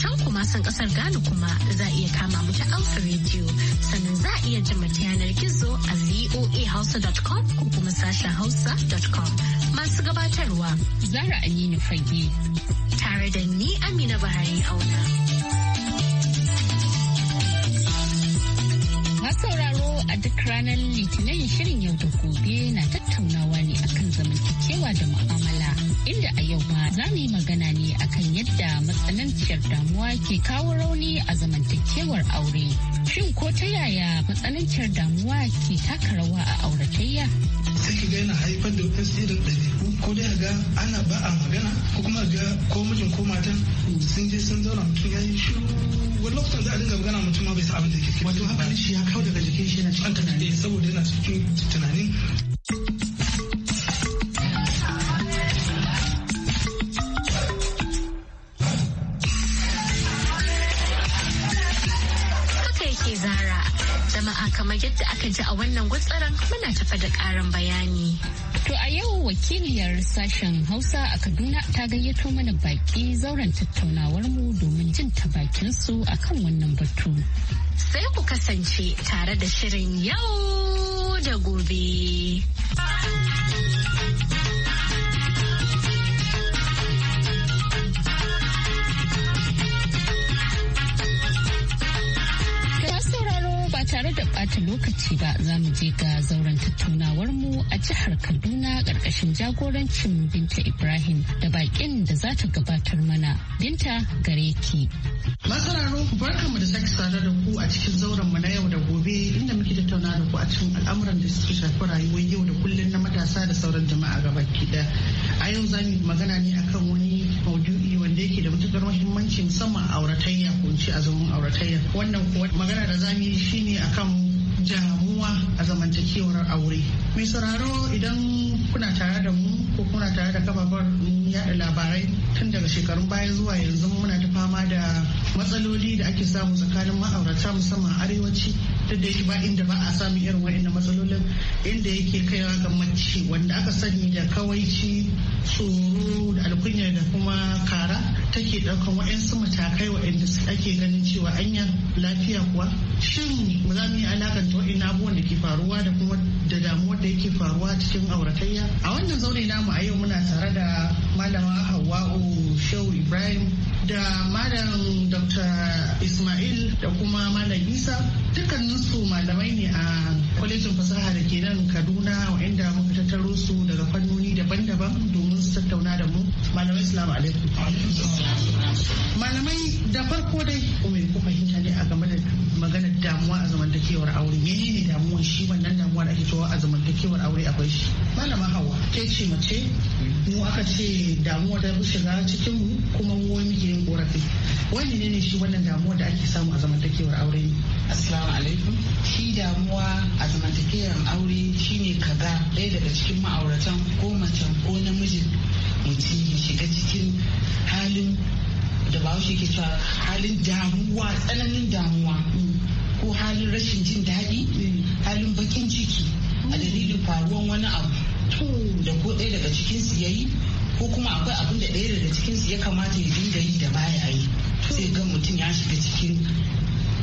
can kuma sun kasar Ghana kuma za a iya kama mu ta Alpha Radio sannan za a iya jin ta yanar gizo a voahausa.com ko kuma sashen hausa.com masu gabatarwa Zara Aminu Fage tare da ni Amina Bahari Auna. sauraro a duk ranar litinin shirin yau da gobe na tattaunawa ne akan zamantakewa da mu'amala inda a yau ma za mu yi magana ne akan yadda matsananciyar damuwa ke kawo rauni a zamantakewar aure. Shin ko ta yaya matsananciyar damuwa ke taka rawa a auratayya? sai ga yana haifar da wasu irin ɗabi'u ko dai ga ana ba a magana ko kuma ga ko mijin ko matan sun je sun zauna mutum ya yi shiru wani lokacin za a dinga magana mutum ma bai sa abin da yake wato haka shi ya kawo daga jikin shi yana cikin tunani eh, saboda yana cikin tunanin kamar yadda aka ji a wannan gutsaran muna tafa da ƙarin bayani. To a yau wakiliyar sashen Hausa a Kaduna ta gayyato mana baki zauren tattaunawar mu domin jin ta bakin su akan wannan batu. Sai ku kasance tare da shirin yau da gobe. ɓata lokaci ba za mu je ga zauren tattaunawar mu a jihar Kaduna ƙarƙashin jagorancin Binta Ibrahim da baƙin da za ta gabatar mana. Binta gareki. ki. Masararo barkanmu da sake sada da ku a cikin zauren mu na yau da gobe inda muke tattauna da ku a cikin al'amuran da suka shafi rayuwar yau da kullum na matasa da sauran jama'a gaba ɗaya. A yau za mu magana ne akan wani maudu'i wanda yake da matukar muhimmanci musamman auratayya ko in ce a zaman auratayya wannan kuwa magana da za mu yi shine akan jamuwa a zamantakewar aure mai sauraro idan kuna tare da mu ko kuna tare da kafafen yada labarai tun daga shekarun baya zuwa yanzu muna ta fama da matsaloli da ake samu tsakanin ma'aurata musamman arewaci duk da yake ba inda ba a samun irin wa'annan matsalolin inda yake kaiwa ga mace wanda aka sani da kawaici tsoro da alkunya da kuma kara take ɗaukan su matakai wa'anda ake ganin cewa anya lafiya kuwa shin za mu yi alakanta wa'in abubuwan da ke faruwa da kuma da damuwar da yake faruwa cikin auratayya a wannan zaune namu a yau muna tare da malama hawa'u abu shehu ibrahim da malam dr ismail da kuma malam isa dukkaninsu malamai ne a kwalejin fasaha da ke nan kaduna wa'inda muka tattaro su daga fannoni daban-daban domin su tattauna da mu malamai salamu alaikum malamai da farko dai kuma ku fahimta ne a game da maganar damuwa a zamantakewar aure menene damuwan shi wannan damuwa da ake cewa a zamantakewar aure akwai shi malama hawa ke ce mace mu aka ce damuwa ta shiga cikin mu kuma mu wani muke yin korafi wani ne ne shi wannan damuwa da ake samu a zamantakewar aure ne assalamu alaikum shi damuwa a zamantakewar aure shine kaga ɗaya daga cikin ma'auratan ko macen ko namijin mutum ya shiga cikin halin da ba ke cewa halin damuwa tsananin damuwa ko halin rashin jin daɗi halin bakin ciki a dalilin faruwan wani abu da ko ɗaya daga cikinsu ya yi ko kuma akwai abin da ɗaya daga cikinsu ya kamata ya dinga yi da baya yi sai ga mutum ya shiga cikin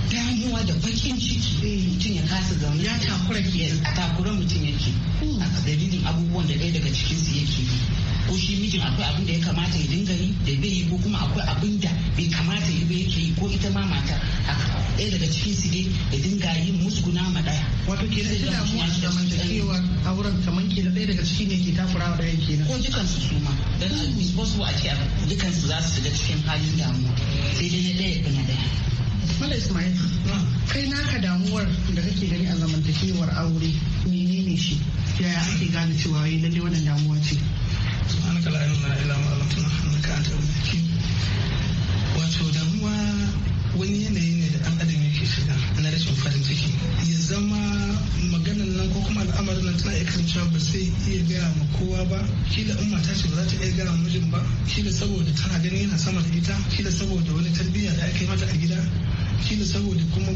damuwa da bakin ciki mutum ya kasa zaune ya takura ke a takura mutum yake a dalilin abubuwan da ɗaya daga cikinsu yake yi ko shi mijin akwai abin da ya kamata ya dinga yi da bai yi ko kuma akwai abin da bai kamata ya bai yake yi ko ita ma mata haka ɗaya daga cikin su dai ya dinga yi musguna ma ɗaya. wato ke da tuna mu a zamantakewar auren kaman ke da ɗaya daga ciki ne ke takura wa ɗaya kenan. ko dukansu su ma dan is possible a ce su za su shiga cikin halin damuwa sai dai na ɗaya ya na ɗaya. Mala Ismail, kai naka damuwar da kake gani a zamantakewar aure menene shi? Yaya ake gane cewa yi eh, lalle wannan damuwa ce? subhanaka la ilma lana illa ma 'allamtana innaka antal wato damuwa wani yanayi ne da dan adam yake shiga na rashin farin ciki ya zama maganan nan ko kuma al'amarin nan tana iya kasancewa ba sai iya gaya ma kowa ba kila in mata ce ba za ta iya gaya mijin ba kila saboda tana ganin yana sama da ita kila saboda wani tarbiyya da aka yi mata a gida kila saboda kuma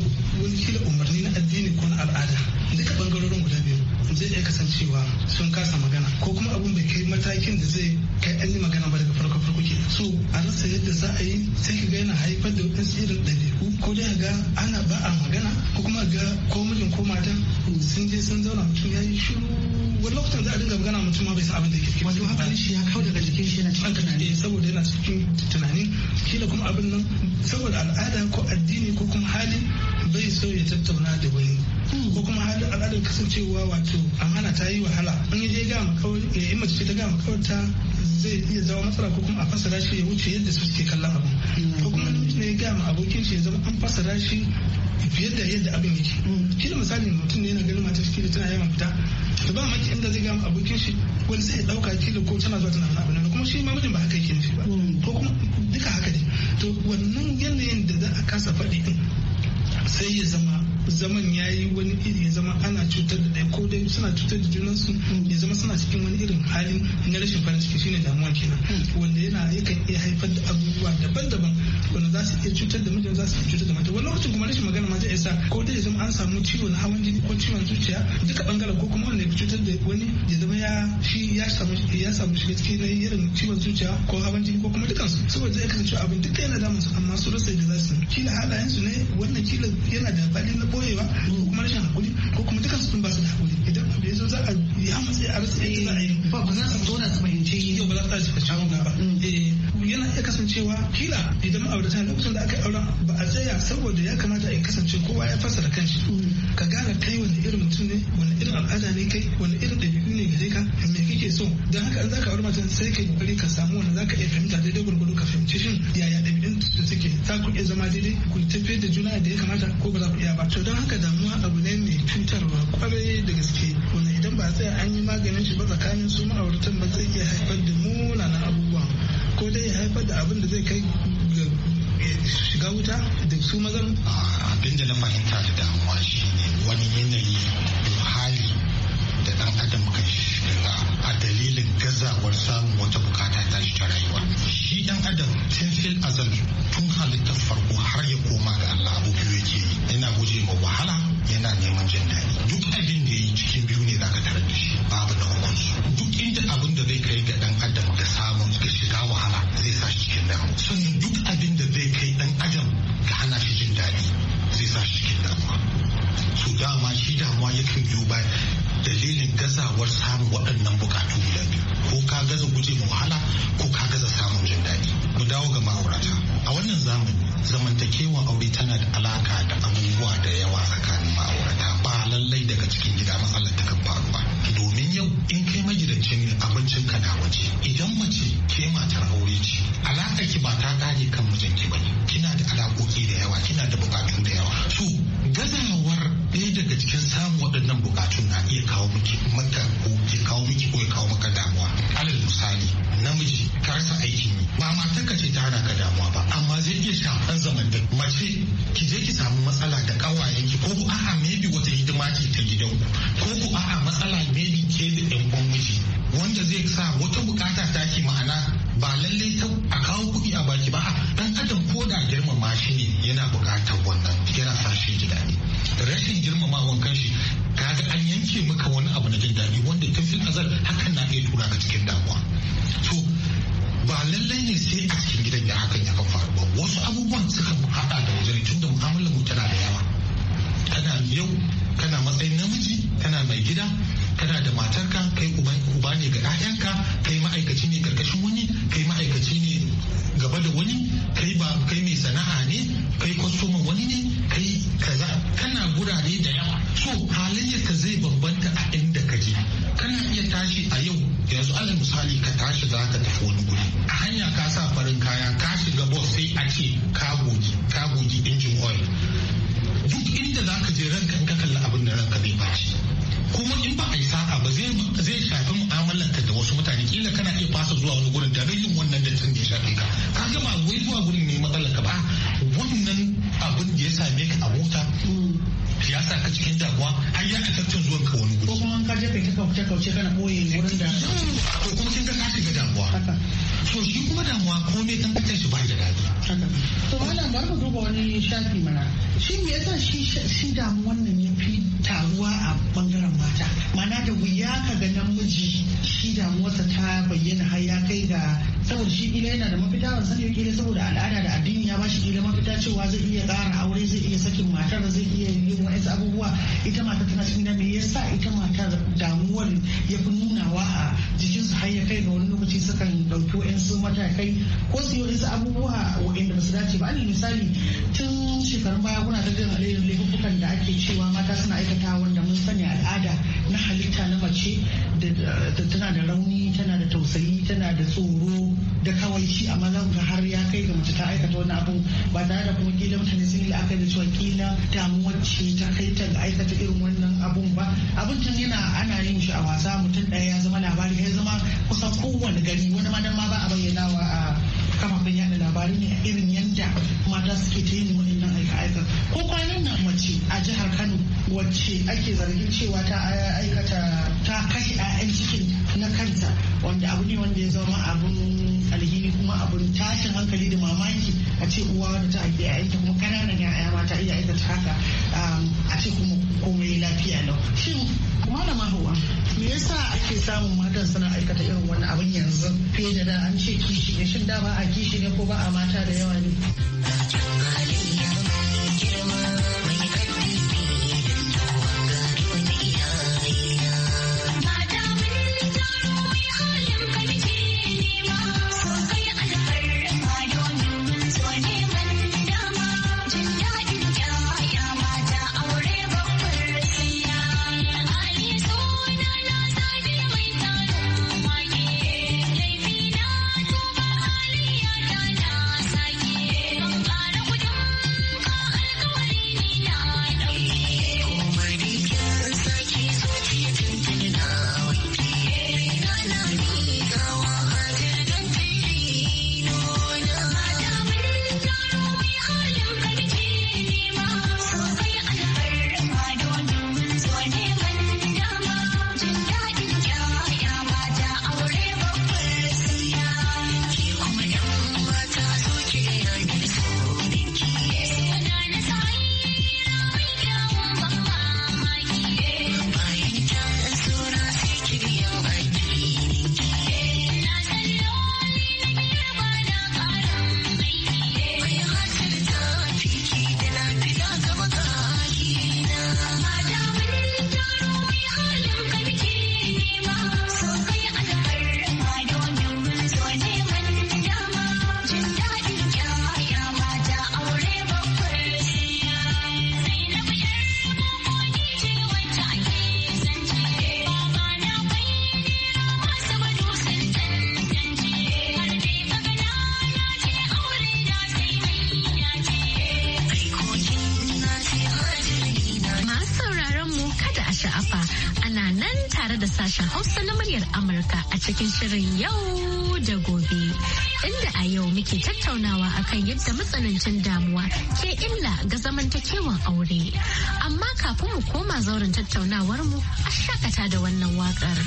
wani kila umarni na addini ko na al'ada duka bangarorin guda biyu zai iya kasancewa sun kasa magana ko kuma abun bai kai matakin da zai kai an yi magana ba daga farko farko ke so a rasa yadda za a yi sai ka ga yana haifar da wani irin ɗabi'u ko dai ga ana ba a magana ko kuma ga ko mijin ko matan sun je sun zauna mutum ya yi shiru wani lokutan za a dinga magana mutum ma bai san abin da yake wato hakan shi ya kawo daga jikin shi na cikin tunani eh, saboda yana cikin tunani kila kuma abin nan saboda al'ada ko addini ko kuma hali bai so ya tattauna da wani ko kuma hali al'adar kasancewa wato amana ta yi wahala yi je ga makawar yi mace ta ga ta zai iya zama matsala ko kuma a fasara shi ya wuce yadda su suke kallon abu ko kuma namiji ne ya ga ma abokin shi ya zama an fasara shi fiye da yadda abin yake kila misali mutum ne yana ganin mata shi tana yawan fita to ba maki inda zai ga ma abokin shi wani sai ya dauka kila ko tana zuwa tana wani abu kuma shi ma mutum ba haka yake nufi ba ko kuma duka haka ne to wannan yanayin da za a kasa faɗi din sai ya zama zaman ya yi wani iri ya zama ana cutar da ɗaya ko dai suna cutar da junansu ya zama suna cikin wani irin halin na rashin farin ciki shine damuwa kenan wanda yana yakan iya haifar da abubuwa daban-daban wanda za su iya cutar da mijin za su iya cutar da mata wani lokacin kuma rashin magana ma zai isa ko dai ya zama an samu ciwon hawan jini ko ciwon zuciya duka bangaren ko kuma wanda ya cutar da wani ya zama ya shi ya samu ya samu shiga cikin na irin ciwon zuciya ko hawan jini ko kuma dukansu saboda zai kasance abin duka yana damun su amma su rasa yadda za su kila halayen su ne wannan kila yana da bali na koyewa ko kuma rashin hakuri ko kuma dukkan sun ba su da hakuri idan abu bai zo za a yi a matsayi a rasa yadda za a yi ba ba za su zauna su yi yau ba za su tashi ka ba mm. eh, yana iya kasancewa kila idan ma'aurata lokacin da aka yi auren ba a tsaya saboda ya kamata a kasance kowa ya fassara kanshi mm. ka gane kai wani irin mutum ne wani irin al'ada ne kai wani irin ɗabi'u ne gare ka me kake so don haka an za ka aure mata sai ka yi ka samu wanda za ka iya fahimta daidai gwargwado ka fahimci shin yaya ɗabi'u da suke za ku iya zama daidai ku tafi da juna da ya kamata ko ba za ku iya ba to don haka damuwa abu ne mai cutarwa kwarai da gaske wanda idan ba tsaya an yi maganin shi ba tsakanin su ma'auratan ba zai iya haifar da munanan abubuwan ko dai ya haifar da abin da zai kai ga shiga wuta da su mazan abin da na fahimta da damuwa shine wani yanayi hali da dan adam kan a dalilin gazawar samun wata bukata ta shi ta rayuwa shi dan adam sun fil azal tun halittar farko har ya koma ga Allah abu biyu yake yi yana guje ma wahala yana neman jin daɗi duk abin da yi cikin biyu ne zaka tarar da shi babu na hukunci. duk inda abin da zai kai ga dan adam ga samun ga shiga wahala zai sa shi cikin damu sannan duk abin da zai kai dan adam ga hana shi jin daɗi zai sa shi cikin damuwa Su dama shi damuwa yakan biyo baya dalilin gazawar samun waɗannan bukatu guda biyu ko ka gaza guje ma wahala ko ka gaza samun jin daɗi mu dawo ga ma'aurata a wannan zamani zamantakewan aure tana da alaka da abubuwa da yawa tsakanin ma'aurata ba lallai daga cikin gida matsalar ta kan faru ba domin yau in kai magidancin ne abincin ka na waje idan mace ke matar aure ce alaka ki ba ta kare kan mijinki ba kina da alakoki da yawa kina da bukatu da yawa su gazawar ɗaya daga cikin samun waɗannan bukatun na iya kawo miki maka ko ya kawo miki ko ya kawo maka damuwa alal misali namiji ka rasa aikin yi ba matar ka ce ta hana ka damuwa ba amma zai iya shafan da mace ki je ki samu matsala da ƙawayenki ko ku a'a maybe wata hidima ce ta gidanku ko ku a'a matsala maybe ke da ɗan uwan miji wanda zai sa wata bukata ta ke ma'ana ba lallai ta a kawo kuɗi a baki ba dan adam ko da girmama shi ne yana bukatar wannan shi ji daɗi rashin girmamawan kanshi kaga an yanke maka wani abu na jin daɗi wanda tun fi azar hakan na iya tura ka cikin damuwa to ba lallai ne sai a cikin gidan ya hakan ya kan faru ba wasu abubuwan suka haɗa da wajen tunda mu'amalar mu tana da yawa kana yau kana matsayin namiji kana mai gida kana da matarka kai uba ne ga 'ya'yanka kai ma'aikaci ne karkashin wani kai ma'aikaci ne gaba da wani kai ba kai mai sana'a ne kai kwastoma wani ne kai kaza kana gurare da yawa so ka zai bambanta a inda ka je kana iya tashi a yau yanzu alal misali ka tashi za ka tafi wani guri a hanya ka sa farin kaya ka shiga bus sai a ce ka gogi ka goji injin oil duk inda za ka je ranka in ka kalli abin da ranka zai bace. kuma in ba a yi sa'a ba zai shafi mu'amalar da wasu mutane kila kana iya fasa zuwa wani gurin da yin wannan tun da ya shafi ka ka gama wai zuwa gurin ne matsalar ka ba wannan abin da ya same ka a mota ya sa ka cikin damuwa har ya ka tattun zuwan ka wani gurin ko kuma an ka je kai ta kauce kauce kana boye wurin da ko kuma kin ga ka shiga damuwa so shi kuma damuwa komai kan kace shi ba da dadi to malam bar ka duba wani shafi mana shi me yasa shi shi damuwan nan ya fi taruwa a bangaren mata mana da wuya ka ga namiji shi da damuwarsa ta bayyana har ya kai ga saboda shi kila yana da mafita ban sani kila saboda al'ada da addini ya bashi kila mafita cewa zai iya ƙara aure zai iya sakin matar zai iya yin wasu abubuwa ita mata tana cikin da me yasa ita mata damuwar ya fi nunawa a jikinsu har ya kai ga wani lokaci sukan ɗauki wa'ansu matakai ko su yi wa'ansu abubuwa wa'anda ba su dace ba misali tun shekarun baya kuna ta jin alayyar laifukan da ake cewa mata suna ma'aikata wanda mun sani al'ada na halitta na mace da tana da rauni tana da tausayi tana da tsoro da kawai shi amma za ga har ya kai ga mace ta aikata wani abu ba tare da kuma kila mutane sun yi la'akari da cewa kila damuwar ce ta kai ta ga aikata irin wannan abun ba abun tun yana ana yin shi a wasa mutum ɗaya ya zama labari ya zama kusan kowane gari wani ma ma ba a bayyana wa a kafafen yada labari ne irin yanda mata suke ta yin nan aika-aika ko kwanan nan mace a jihar kano wacce ake zargin cewa ta aikata ta kashe 'ya'yan cikin na kanta wanda abu ne wanda ya zama abun alhini kuma abun tashin hankali da mamaki a ce uwa da ta ake 'ya'yanta kuma kananan 'ya'ya mata iya aikata haka um, a ce kuma komai lafiya lau shin malama mahuwa me yasa ake samun matan suna aikata irin wani abin yanzu fiye da da an ce kishi ne shin da ba a kishi ne ko ba a mata da yawa ne Hausa na muryar Amurka a cikin shirin yau da gobe. Inda a yau muke tattaunawa akan yadda matsanancin damuwa ke illa ga zamantakewan aure. Amma kafin mu koma zauren tattaunawar mu a shakata da wannan waƙar.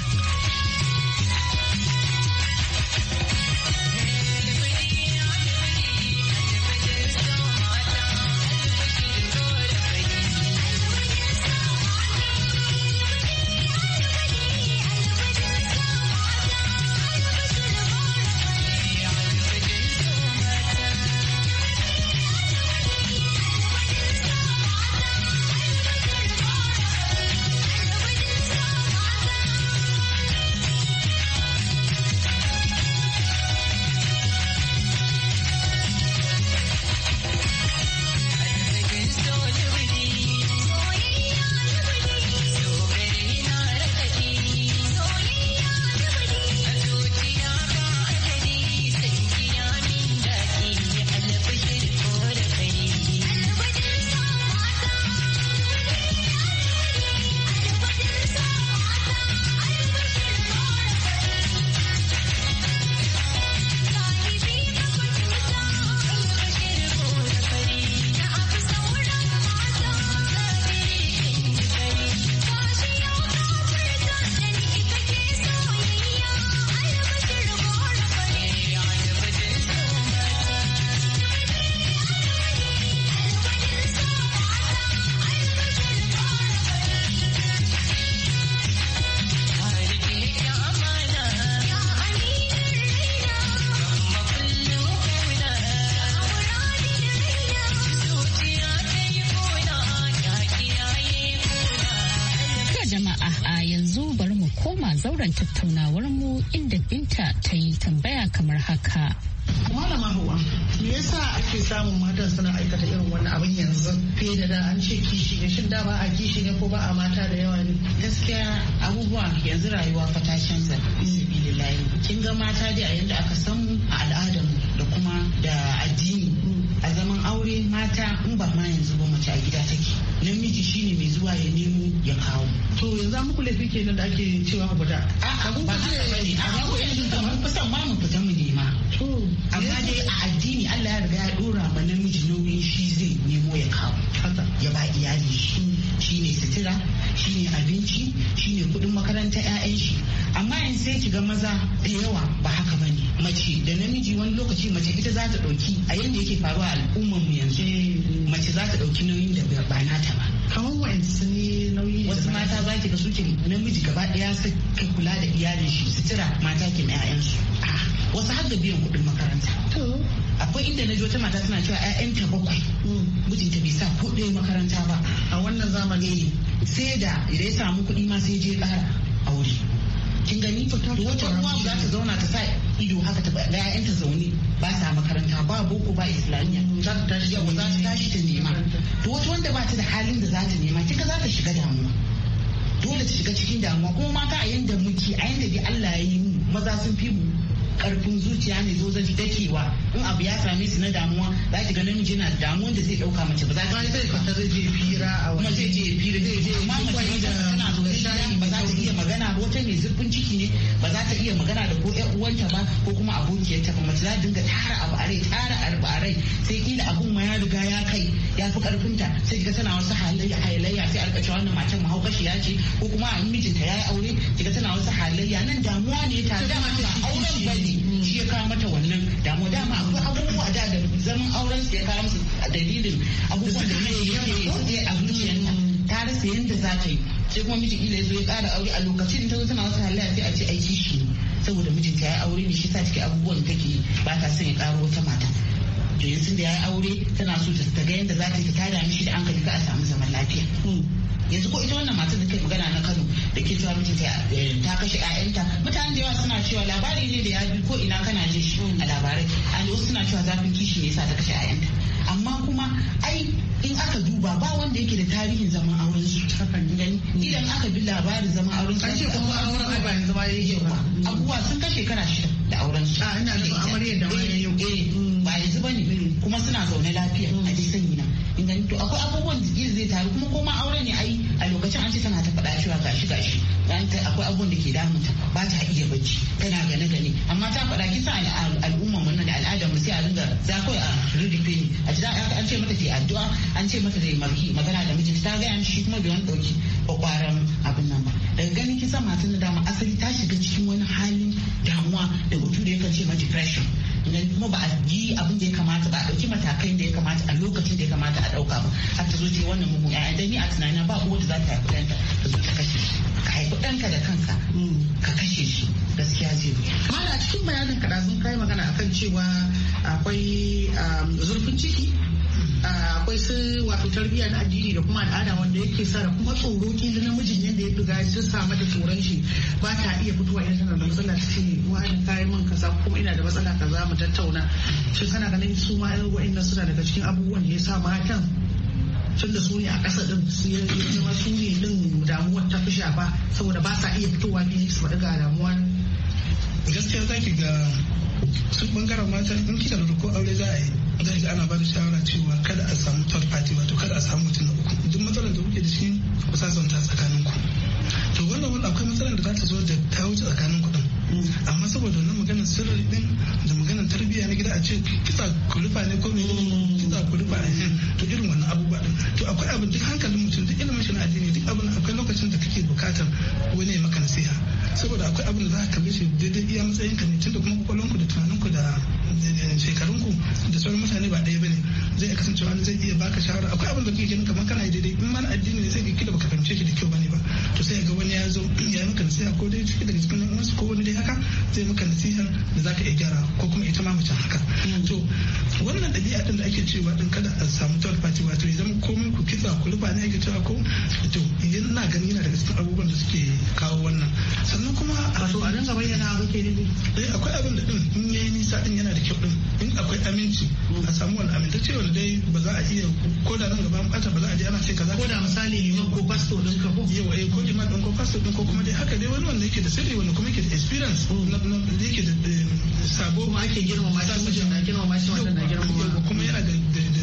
zauren tattaunawar mu inda binta ta yi tambaya kamar haka. Malama Hauwa, me yasa ake samun matan suna aikata irin wani abin yanzu? Fiye da da an ce kishi ne, shin da ba a kishi ne ko ba a mata da yawa ne? Gaskiya abubuwa yanzu rayuwa fa ta canza bizibilillahi. Kin ga mata dai a yanda aka samu a al'adarmu da kuma da addini. A zaman aure mata in ba ma yanzu ba mace a gida take. namiji shine mai zuwa ya nemo ya kawo to yanzu muku laifi kenan da ake cewa ku fita a ba haka bane a ba ku yanzu kamar kusan ma mu fita mu nema amma dai a addini Allah ya riga ya dora ma namiji nauyin shi zai nemo ya kawo ya ba iyali shi mm. shine sutura shine abinci shine kudin makaranta 'ya'yan shi amma in sai ki ga maza da yawa ba haka ba ne mace da namiji wani lokaci mace ita za ta dauki a yanda yake faruwa al'ummar mu yanzu eh. mace za ta dauki nauyin da ba nata ba kamar wa'ansu ne nauyi wasu mata za ki ga suke namiji gaba ɗaya su kula da iyalin shi sutura mata ke 'ya'yansu ah, wasu har da biyan kuɗin makaranta akwai inda na ji wata mata tana cewa 'ya'yanta bakwai mm. mijinta bai sa ko ɗaya makaranta ba a wannan zamani eh, sai da idan ya samu kuɗi ma sai je ƙara aure kin gani wata uwa za ta zauna ta sa ido haka ta ga ta zaune ba sa makaranta ba boko ba islamiyya za ta tashi yau za ta tashi ta nema to wata wanda ba ta da halin da za ta nema kika za ta shiga damuwa dole ta shiga cikin damuwa kuma mata a yanda muke a yanda dai Allah ya yi mu maza sun fi mu karfin zuciya ne zo zan kewa in abu ya same su na damuwa za ki ga namiji na damuwan da zai dauka mace ba za ka zai kwata zai je fira a wani zai je fira zai je amma mace tana zo ba za ta iya magana ba wata mai zurfin ciki ne ba iya magana da ko ƴan uwanta ba ko kuma abokiyarta ba mace za dinga tara abu a rai tara abu a rai sai kila abun ma ya riga ya kai ya fi karfinta sai kiga tana wasu halayya halayya sai a wannan cewa wannan shi ya ce ko kuma a mijinta ya yi aure kiga tana wasu halayya nan damuwa ne ta da ta auren bane shi ya kawo mata wannan damuwa dama akwai abubuwa da da zaman auren su ya kawo musu dalilin abubuwan da ne ya yi a zuciyarta ta rasa yadda za ta yi sai kuma miji kila zo ya ƙara aure a lokacin ta tana wasu halayya sai a ce shi ne saboda mijinta ya aure ne shi sa take abubuwan da take ba ta son ya ƙaro wata mata to yanzu da ya yi aure tana so ta ga yadda za ta yi ta tada mishi da an ka a samu zaman lafiya hmm. yanzu ko ita wannan matar da ke magana na Kano da ke cewa mijinta eh, ta kashe ƴaƴanta mutane da yawa suna cewa labari ne da ya bi ko ina kana jin shi a labarai a wasu suna cewa zafin kishi ne yasa ta kashe ƴaƴanta amma kuma ai in aka duba ba wanda yake da tarihin zaman auren su idan aka bi labarin zaman auren su kashe kuma auren ai ba yanzu yi yake ba abubuwa sun kashe shekara shida da auren su a ah, ina da amaryar da wani yau eh, eh, ba yanzu bane mm. kuma suna zaune lafiya a mm. dai to akwai abubuwan da zai taru kuma koma aure ne ai a lokacin an ce tana ta faɗa cewa gashi gashi akwai abubuwan da ke damunta ba ta iya bacci tana gane gane amma ta faɗa kisa al'umma mun da al'adar mu sai a ringa za kawai a rudufe ni a ji an ce mata ke addu'a an ce mata ta yi magana da mijinta ta gaya shi kuma bai wani ɗauki kwakwaran abin nan ba daga ganin kisa matan da dama asali ta shiga cikin wani halin damuwa da hutu da yakan ce ma depression idan kuma ba a yi abin da ya kamata ba a ɗauki matakai da ya kamata a lokacin da ya kamata a ɗauka ba har ta zo ce wannan mugun ƴaƴa yi ni a tunanin ba uwa da za ta haifi ta zo ta kashe shi ka haifi ɗanka da kanka ka kashe shi gaskiya zai wuya. Mala a cikin bayanin kaɗa sun kai magana akan cewa akwai um, zurfin ciki wasu wato tarbiyya na addini da kuma al'ada wanda yake sa da kuma tsoro kila namijin yadda ya buga sun sa mata tsoron shi ba ta iya fitowa idan tana da matsala ta ce wani kayan min kaza kuma ina da matsala kaza mu tattauna shin kana ganin su ma nan suna daga cikin abubuwan da ya sa matan tunda su ne a ƙasa din su ya zama su ne din damuwar ta fi shafa saboda ba sa iya fitowa ne su faɗi ga damuwa gaskiya zaki ga su bangaren mata in kika da ko aure za a yi zai ga ana ba da shawara cewa kada a samu third party wato kada a samu mutum na uku duk matsalar da kuke da shi ku sasanta tsakanin ku to wannan wani akwai matsalar da za ta zo da ta wuce tsakanin ku din mm. amma saboda wannan maganar sirri din da maganar tarbiyya na gida a ce kisa kulufa ne ko menene mm. za ku rufa to irin wannan abubuwa din to akwai abin duk hankalin mutum duk ilimin shi na addini duk abin akwai lokacin da kake bukatar wani maka nasiha saboda akwai abin da za ka kalli shi daidai iya matsayin ka ne tunda kuma ku da ku da eh, eh, shekarunku da sauran mutane ba ɗaya bane zai kasance wani zai iya baka shawara akwai abin da kake ganin kamar kana daidai in mana addini ne sai kila baka fahimce shi da kyau bane ba to sai ga wani ya zo ya maka nasiha ko dai cikin daga cikin nan wasu ko wani dai haka zai maka nasihar da zaka iya gyara ko kuma ita ma mace haka mm. to wannan ɗabi'a ɗin da ake cewa cewa din kada a samu third party wato ya zama komai ku kitsa ku rufa ne ake cewa ko to idan ina gani yana daga cikin abubuwan da suke kawo wannan sannan kuma a so a nan gaba yana abu ke ne eh, akwai abin da din in yayi nisa din yana da kyau din in akwai aminci a samu wani amintacce wanda dai ba za a iya ko da nan gaba an bata ba za a je ana ce kaza ko da misali ne ko pastor din ka ko yawa eh ko ma din ko pastor din ko kuma dai haka dai wani wanda yake da sirri wanda kuma yake da experience hmm. na na yake da sabo kuma ake ma shi mutum na ma shi wannan na girmama kuma yana da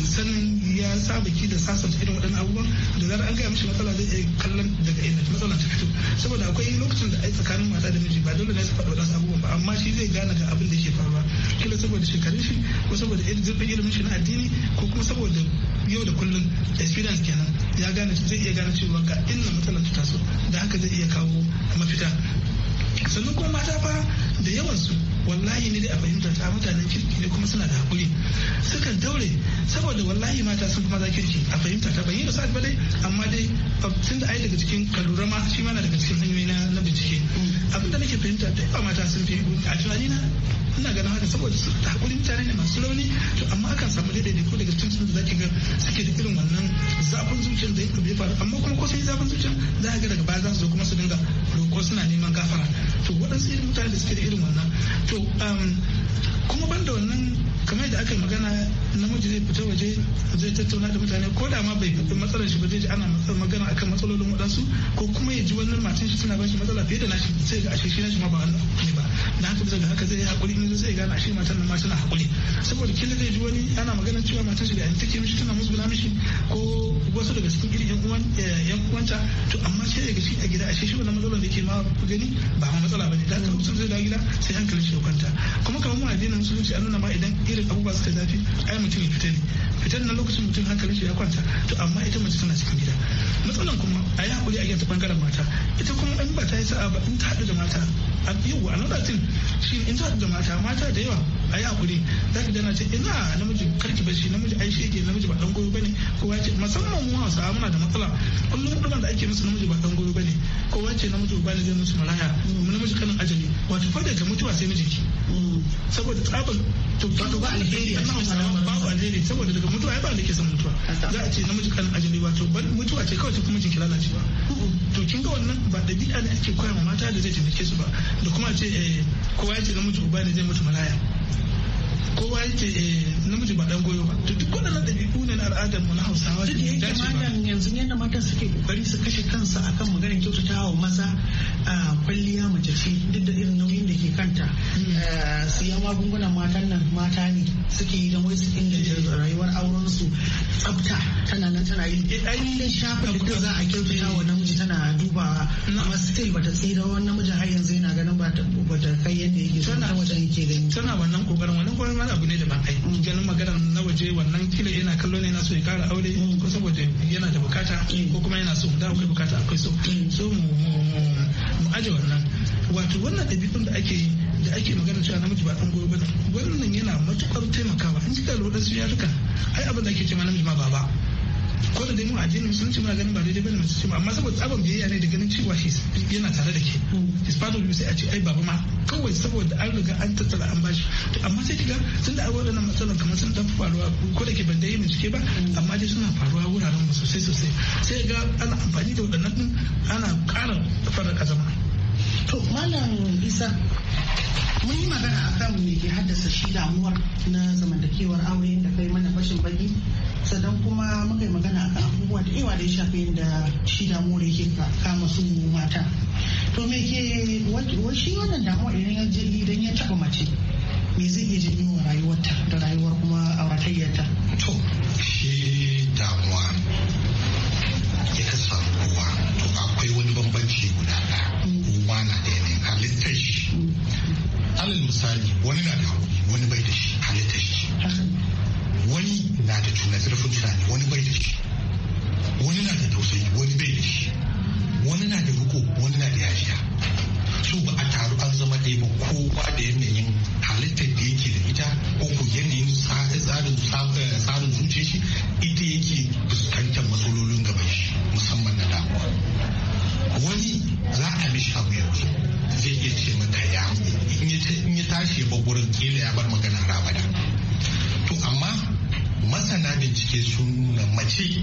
sanin ya saba ki da sasanta irin waɗannan abubuwan da zarar an gaya mishi matsala zai iya kallon daga ina matsala ta fito saboda akwai lokacin da ai tsakanin mata da miji ba dole ne su faɗi waɗansu abubuwan ba amma shi zai gane ga abin da ke faruwa kila saboda shekarun shi ko saboda irin karfin ilimin shi na addini ko kuma saboda yau da kullum experience kenan ya gane zai iya gane cewa ga inna matsalar ta taso da haka zai iya kawo mafita sannan kuma mata fa da yawansu wallahi ne da a fahimtar ta mutanen kirki ne kuma suna da hakuri sukan daure saboda wallahi mata sun kuma za kirki a fahimta ta bayyana sa'ad ba dai amma dai tun da ai daga cikin kalura ma shi ma na daga cikin hanyoyi na bincike mm. abinda nake fahimta da yawa mata sun fi a tunani na ina ganin haka saboda su hakuri mutane ne masu rauni to amma akan samu daidai ko daga cikin sun da zaki ga suke da irin wannan zafin zuciyar da yake bai faru amma kuma ko sai zafin zuciyar za ga daga baya za su zo kuma su dinga roƙo suna neman gafara to waɗansu irin mutane da suke da irin wannan to um, kuma banda wannan kamar yadda aka yi magana namiji zai fita waje zai tattauna da mutane ko da ma bai faɗi matsalar shi ba zai ji ana magana akan matsalolin waɗansu ko kuma ya ji wannan matan shi tana bashi matsala fiye da nashi sai ga ashe shi nashi ma ba wannan ne ba na haka bisa ga haka zai yi hakuri in zai gane ashe matan nan ma tana hakuri saboda kila zai ji wani ana magana cewa matan shi da yanzu take mishi tana musguna mishi ko wasu daga cikin irin yan uwan eh, yan uwanta to amma sai ya shi a gida ashe shi wannan matsalar da ke ma gani ba ma matsala ba ne da haka zai dawo gida sai hankalin shi ya kwanta kuma kamar mu addinin musulunci an nuna ma idan irin irin abubuwa suka zafi ai mutum ya fita ne fitar na lokacin mutum hankalin shi ya kwanta to amma ita mace tana cikin gida matsalan kuma a yi hakuri a yanta bangaren mata ita kuma in ba ta yi sa'a ba in ta haɗu da mata a yau a nan shi in ta haɗu da mata mata da yawa ayi hakuri za ka jana ce ina namiji karki bashi namiji ai shi yake namiji ba dan goyo bane kowa ce musamman mu wasa muna da matsala kullum kuma da ake musu namiji ba dan goyo bane kowa ce namiji ba ne zai musu maraya namiji kanin ajali wato fa daga mutuwa sai ki saboda tsabar to ba alheri a cikin ba babu alheri saboda daga mutuwa ai ba da ke san mutuwa za a ce namiji kanin ajali wato mutuwa ce kawai ta kuma jinki lalacewa to kin ga wannan ba dabi'a ne ake koya ma mata da zai taimake su ba da kuma ce eh, kowa ya ce namiji ba ne zai mutu maraya kowa yake eh namiji ba dan goyo ba to duk wannan ɗabi'u ne na al'adar mu na Hausawa da ya dace ba yanzu yadda mata suke kokari su kashe kansu akan maganar kyautatawa maza a kwalliya mace ce duk da irin nauyin da ke kanta hmm. ya magungunan matan nan mata ne suke yi don wai su inganta rayuwar auren su tsafta tana nan tana yi eh, ainihin shafa duk da za a kyautata wa namiji tana duba amma still bata tsira wannan namiji har yanzu yana ganin ba bata kai yadda yake tana wajen yake gani tana wannan kokarin wannan wani wani abu ne da ba a yi ganin magana na waje wannan kila yana kallo ne yana so ya kara aure ko saboda yana da bukata ko kuma yana so da akwai bukata akwai so so mu aje wannan wato wannan ɗabi'un da ake da ake magana cewa namiji ba ɗan goyo ba wannan yana matukar taimakawa in kika lura da su yaruka ai abin da ake ce namiji ma ba. ko da dai mu sun ci muna ganin ba daidai bane mace ce amma saboda tsabon biyayya ne da ganin cewa shi yana tare da ke his biyu sai a ce ai baba ma kawai saboda an riga an tattala an bashi amma sai kiga tun da nan matsalan kamar sun dan faruwa ko da ke ban dai bincike ba amma dai suna faruwa wuraren mu sosai sosai sai ga ana amfani da wadannan ana ƙara farar zama to malam isa mun yi magana akan me ke haddasa shi damuwar na zamantakewar aure da kai mana fashin baki sannan kuma muka yi magana akan abubuwa da yawa da ya shafi yadda shi damuwar yake kama su mata to me ke shi wannan damuwa idan ya je idan ya taba mace me zai iya janyo wa rayuwarta da rayuwar kuma auratayyarta to shi damuwa ya kasa kowa halittar shi alal misali wani na da haƙuri wani bai da shi halittar shi wani na da tuna zurfin tunani wani bai da shi wani na da tausayi wani bai da shi wani na da riko wani na da yashiya so ba a taru an zama ɗaya ba kowa da yanayin halittar da yake da ita ko ko yanayin tsarin eh, tsarin zuciya shi ita yake fuskantar matsalolin gaban shi musamman na damuwa wani za a mishi abu yanzu zai iya ce maka ya in ya tashi ba gurin kila ya bar magana rabada to amma masana bincike sun nuna mace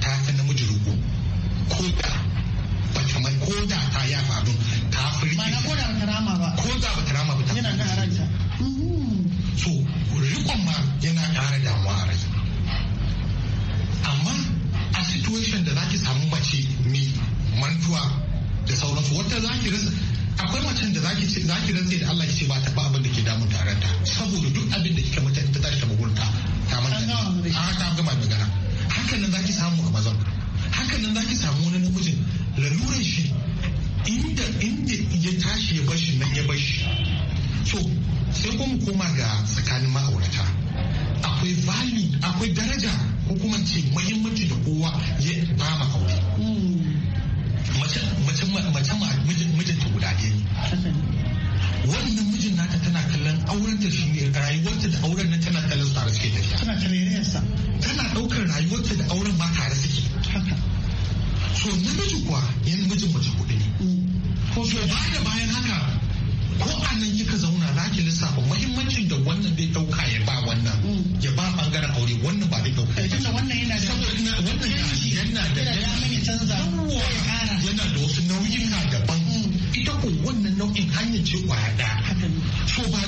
ta fi namiji rugu ko da ba kamar ko da ta ya faru ta fi rike ko da ba ta rama ba ko da ba ta rama ba ta yana na haranta so rikon ma yana ƙara damuwa a rai amma a situation da zaki samu mace mai mantuwa da sauransu wata zaki rasa akwai macen da zaki ce zaki rantse da Allah ki ce ba ta ba abin da ke damun taron saboda duk abin da kika mata ta tashi ta mugunta ta manta a ta gama magana hakan nan zaki samu a mazan hakan nan zaki samu wani namijin laluran shi inda inda ya tashi ya bashi nan ya bashi so sai kuma koma ga tsakanin ma'aurata akwai value akwai daraja ko kuma ce muhimmanci da kowa ya ba ma aure hmm. mace mijinta guda ɗaya ne wannan mijin nata tana kallon auren da shi ne. rayuwarta da auren nan tana kallon tare suke tafiya tana kallon sa tana ɗaukar rayuwarta da auren ma tare suke so namiji kuwa yan mijin mace kuɗi ne ko mm. so da bayan haka ko a nan kika zauna za ki lissafa muhimmancin da wannan zai ɗauka ya ba wannan mm. ya ba bangaren aure wannan ba zai ɗauka. ya eh, wannan yana da wannan yana da yana da damar ya canza sauƙin hanyar ce kwaya hakan so ba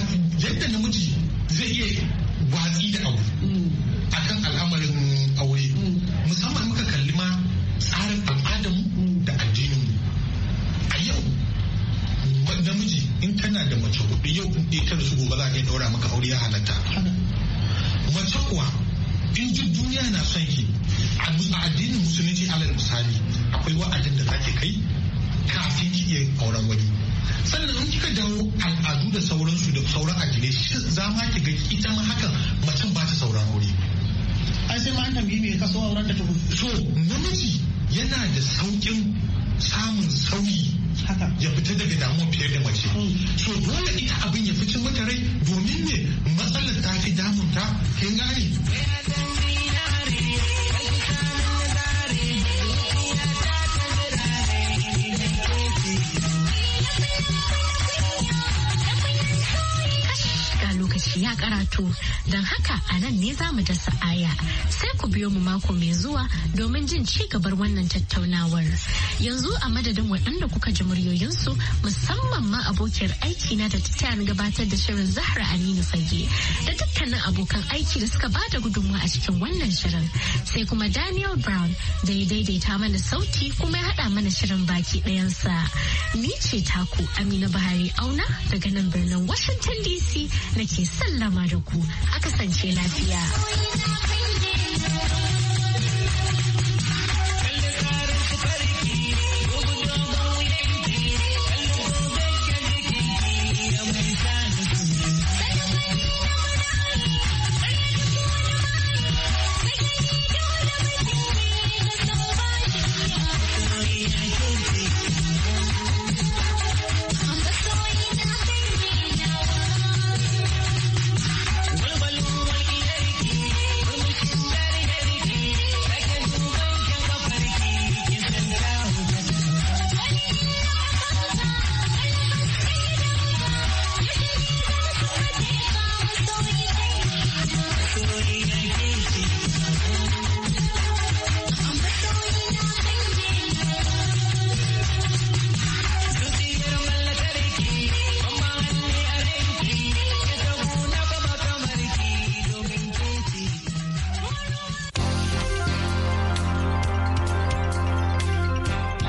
yadda namiji zai iya watsi da abu mm. akan al'amarin aure mm. musamman muka kalli ma tsarin al'adam mm. da addinin a yau namiji in kana da mace hudu yau kun ɗaya ta gobe za ka daura maka aure ya halatta mace kuwa in ji duniya na son ki a addinin musulunci alal misali akwai wa'adin da za ki kai kafin ki iya auren wani sannan in kika dawo al'adu da sauransu da sauran addinai shi za ma ki ga ita ma hakan mutum ba ta sauran aure ai sai ma an tambayi me ka so auren da tuku so namiji yana da saukin samun sauyi ya fita daga damuwa fiye da mace mm. so dole ita abin ya fice mata rai domin ne matsalar ta fi damunta kin gane karatu don haka a nan ne za mu dasa aya sai ku biyo mu mako mai zuwa domin jin ci gabar wannan tattaunawar yanzu a madadin waɗanda kuka ji muryoyinsu musamman ma abokiyar aiki na da ta gabatar da shirin zahra aminu fage da dukkanin abokan aiki da suka bada gudunmawa a cikin wannan shirin sai kuma daniel brown da ya daidaita mana sauti kuma ya haɗa mana shirin baki ɗayansa ni ce taku amina buhari auna daga nan birnin washington dc nake sallama sallama da ku a kasance lafiya.